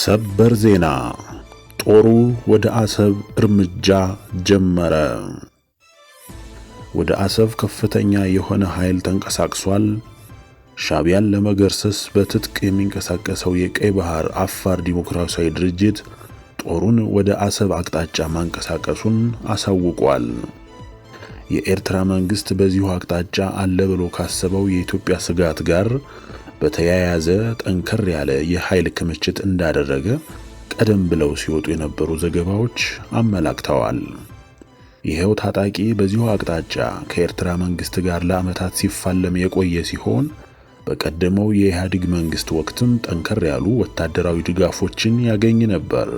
ሰበር ዜና! ጦሩ ወደ አሰብ እርምጃ ጀመረ። ወደ አሰብ ከፍተኛ የሆነ ኃይል ተንቀሳቅሷል። ሻቢያን ለመገርሰስ በትጥቅ የሚንቀሳቀሰው የቀይ ባህር አፋር ዲሞክራሲያዊ ድርጅት ጦሩን ወደ አሰብ አቅጣጫ ማንቀሳቀሱን አሳውቋል። የኤርትራ መንግሥት በዚሁ አቅጣጫ አለ ብሎ ካሰበው የኢትዮጵያ ስጋት ጋር በተያያዘ ጠንከር ያለ የኃይል ክምችት እንዳደረገ ቀደም ብለው ሲወጡ የነበሩ ዘገባዎች አመላክተዋል። ይኸው ታጣቂ በዚሁ አቅጣጫ ከኤርትራ መንግስት ጋር ለዓመታት ሲፋለም የቆየ ሲሆን በቀደመው የኢህአዴግ መንግስት ወቅትም ጠንከር ያሉ ወታደራዊ ድጋፎችን ያገኝ ነበር።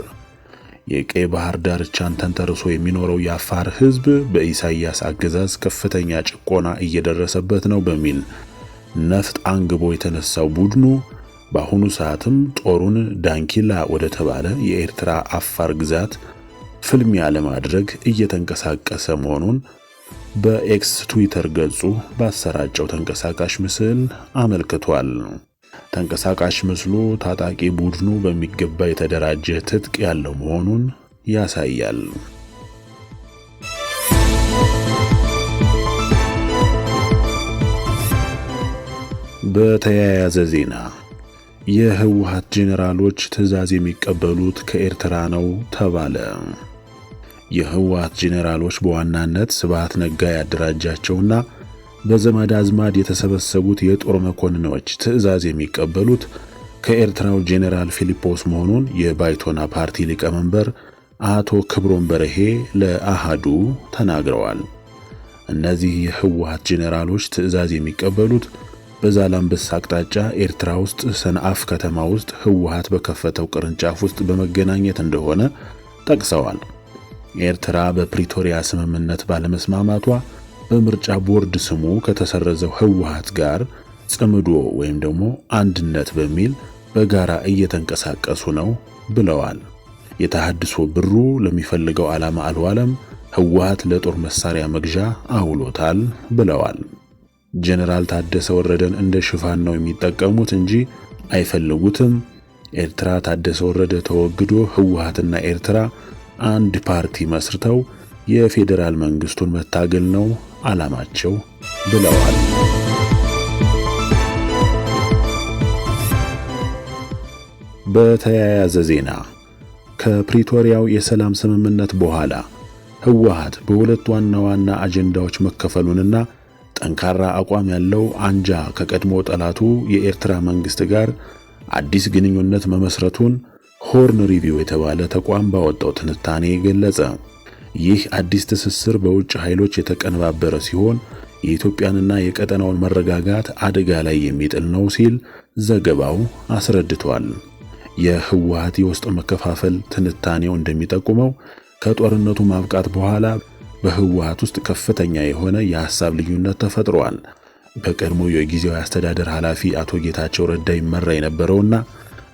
የቀይ ባህር ዳርቻን ተንተርሶ የሚኖረው የአፋር ህዝብ በኢሳይያስ አገዛዝ ከፍተኛ ጭቆና እየደረሰበት ነው በሚል ነፍጥ አንግቦ የተነሳው ቡድኑ በአሁኑ ሰዓትም ጦሩን ዳንኪላ ወደ ተባለ የኤርትራ አፋር ግዛት ፍልሚያ ለማድረግ እየተንቀሳቀሰ መሆኑን በኤክስ ትዊተር ገጹ ባሰራጨው ተንቀሳቃሽ ምስል አመልክቷል። ተንቀሳቃሽ ምስሉ ታጣቂ ቡድኑ በሚገባ የተደራጀ ትጥቅ ያለው መሆኑን ያሳያል። በተያያዘ ዜና የህወሓት ጄኔራሎች ትዕዛዝ የሚቀበሉት ከኤርትራ ነው ተባለ። የህወሓት ጄኔራሎች በዋናነት ስብሃት ነጋ ያደራጃቸውና በዘመድ አዝማድ የተሰበሰቡት የጦር መኮንኖች ትዕዛዝ የሚቀበሉት ከኤርትራው ጄኔራል ፊሊፖስ መሆኑን የባይቶና ፓርቲ ሊቀመንበር አቶ ክብሮም በርሄ ለአሃዱ ተናግረዋል። እነዚህ የህወሓት ጄኔራሎች ትዕዛዝ የሚቀበሉት በዛላምበሳ አቅጣጫ ኤርትራ ውስጥ ሰንአፍ ከተማ ውስጥ ህወሀት በከፈተው ቅርንጫፍ ውስጥ በመገናኘት እንደሆነ ጠቅሰዋል። ኤርትራ በፕሪቶሪያ ስምምነት ባለመስማማቷ በምርጫ ቦርድ ስሙ ከተሰረዘው ህወሀት ጋር ጽምዶ ወይም ደግሞ አንድነት በሚል በጋራ እየተንቀሳቀሱ ነው ብለዋል። የተሃድሶ ብሩ ለሚፈልገው ዓላማ አልዋለም፣ ህወሀት ለጦር መሳሪያ መግዣ አውሎታል ብለዋል። ጀነራል ታደሰ ወረደን እንደ ሽፋን ነው የሚጠቀሙት እንጂ አይፈልጉትም። ኤርትራ ታደሰ ወረደ ተወግዶ ህወሓትና ኤርትራ አንድ ፓርቲ መስርተው የፌዴራል መንግስቱን መታገል ነው አላማቸው ብለዋል። በተያያዘ ዜና ከፕሪቶሪያው የሰላም ስምምነት በኋላ ህወሓት በሁለት ዋና ዋና አጀንዳዎች መከፈሉንና ጠንካራ አቋም ያለው አንጃ ከቀድሞ ጠላቱ የኤርትራ መንግስት ጋር አዲስ ግንኙነት መመስረቱን ሆርን ሪቪው የተባለ ተቋም ባወጣው ትንታኔ ገለጸ። ይህ አዲስ ትስስር በውጭ ኃይሎች የተቀነባበረ ሲሆን የኢትዮጵያንና የቀጠናውን መረጋጋት አደጋ ላይ የሚጥል ነው ሲል ዘገባው አስረድቷል። የህወሓት የውስጥ መከፋፈል ትንታኔው እንደሚጠቁመው ከጦርነቱ ማብቃት በኋላ በህወሀት ውስጥ ከፍተኛ የሆነ የሐሳብ ልዩነት ተፈጥሯል። በቀድሞ የጊዜያዊ አስተዳደር ኃላፊ አቶ ጌታቸው ረዳ ይመራ የነበረውና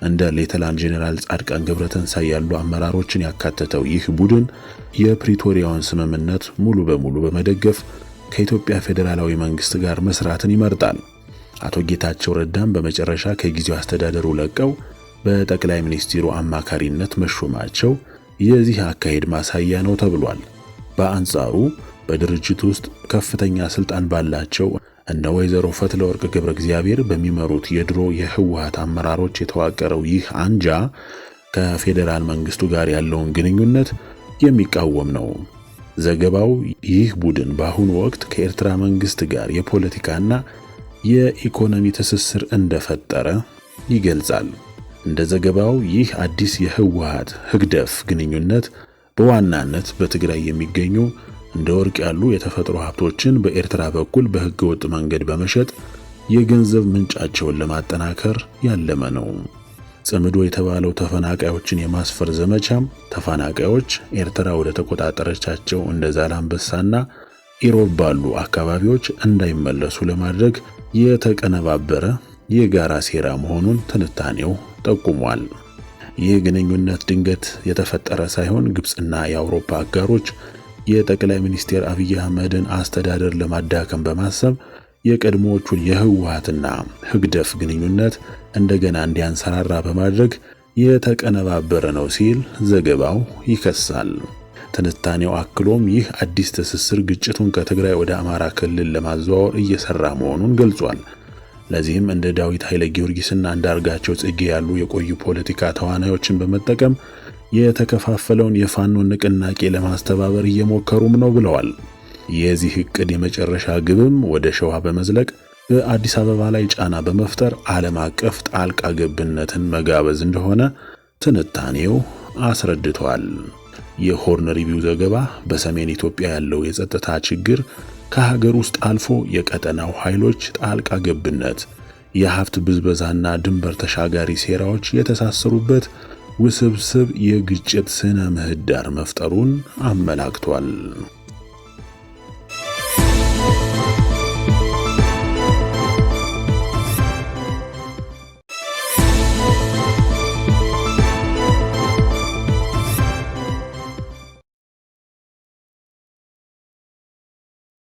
እንደ ሌተላንድ ጄኔራል ጻድቃን ገብረተንሳይ ያሉ አመራሮችን ያካተተው ይህ ቡድን የፕሪቶሪያውን ስምምነት ሙሉ በሙሉ በመደገፍ ከኢትዮጵያ ፌዴራላዊ መንግስት ጋር መስራትን ይመርጣል። አቶ ጌታቸው ረዳም በመጨረሻ ከጊዜው አስተዳደሩ ለቀው በጠቅላይ ሚኒስትሩ አማካሪነት መሾማቸው የዚህ አካሄድ ማሳያ ነው ተብሏል። በአንጻሩ በድርጅት ውስጥ ከፍተኛ ስልጣን ባላቸው እነ ወይዘሮ ፈትለወርቅ ገብረ እግዚአብሔር በሚመሩት የድሮ የህወሀት አመራሮች የተዋቀረው ይህ አንጃ ከፌዴራል መንግስቱ ጋር ያለውን ግንኙነት የሚቃወም ነው። ዘገባው ይህ ቡድን በአሁኑ ወቅት ከኤርትራ መንግስት ጋር የፖለቲካና የኢኮኖሚ ትስስር እንደፈጠረ ይገልጻል። እንደ ዘገባው ይህ አዲስ የህወሀት ህግደፍ ግንኙነት በዋናነት በትግራይ የሚገኙ እንደ ወርቅ ያሉ የተፈጥሮ ሀብቶችን በኤርትራ በኩል በህገወጥ መንገድ በመሸጥ የገንዘብ ምንጫቸውን ለማጠናከር ያለመ ነው። ጽምዶ የተባለው ተፈናቃዮችን የማስፈር ዘመቻም ተፈናቃዮች ኤርትራ ወደ ተቆጣጠረቻቸው እንደ ዛላምበሳና ኢሮብ ባሉ አካባቢዎች እንዳይመለሱ ለማድረግ የተቀነባበረ የጋራ ሴራ መሆኑን ትንታኔው ጠቁሟል። ይህ ግንኙነት ድንገት የተፈጠረ ሳይሆን ግብፅና የአውሮፓ አጋሮች የጠቅላይ ሚኒስትር አብይ አህመድን አስተዳደር ለማዳከም በማሰብ የቀድሞዎቹን የህወሀትና ህግደፍ ግንኙነት እንደገና እንዲያንሰራራ በማድረግ የተቀነባበረ ነው ሲል ዘገባው ይከሳል። ትንታኔው አክሎም ይህ አዲስ ትስስር ግጭቱን ከትግራይ ወደ አማራ ክልል ለማዘዋወር እየሰራ መሆኑን ገልጿል። ለዚህም እንደ ዳዊት ኃይለ ጊዮርጊስና አንዳርጋቸው ጽጌ ያሉ የቆዩ ፖለቲካ ተዋናዮችን በመጠቀም የተከፋፈለውን የፋኖ ንቅናቄ ለማስተባበር እየሞከሩም ነው ብለዋል። የዚህ እቅድ የመጨረሻ ግብም ወደ ሸዋ በመዝለቅ በአዲስ አበባ ላይ ጫና በመፍጠር ዓለም አቀፍ ጣልቃ ገብነትን መጋበዝ እንደሆነ ትንታኔው አስረድቷል። የሆርን ሪቪው ዘገባ በሰሜን ኢትዮጵያ ያለው የጸጥታ ችግር ከሀገር ውስጥ አልፎ የቀጠናው ኃይሎች ጣልቃ ገብነት፣ የሀብት ብዝበዛና ድንበር ተሻጋሪ ሴራዎች የተሳሰሩበት ውስብስብ የግጭት ስነ ምህዳር መፍጠሩን አመላክቷል።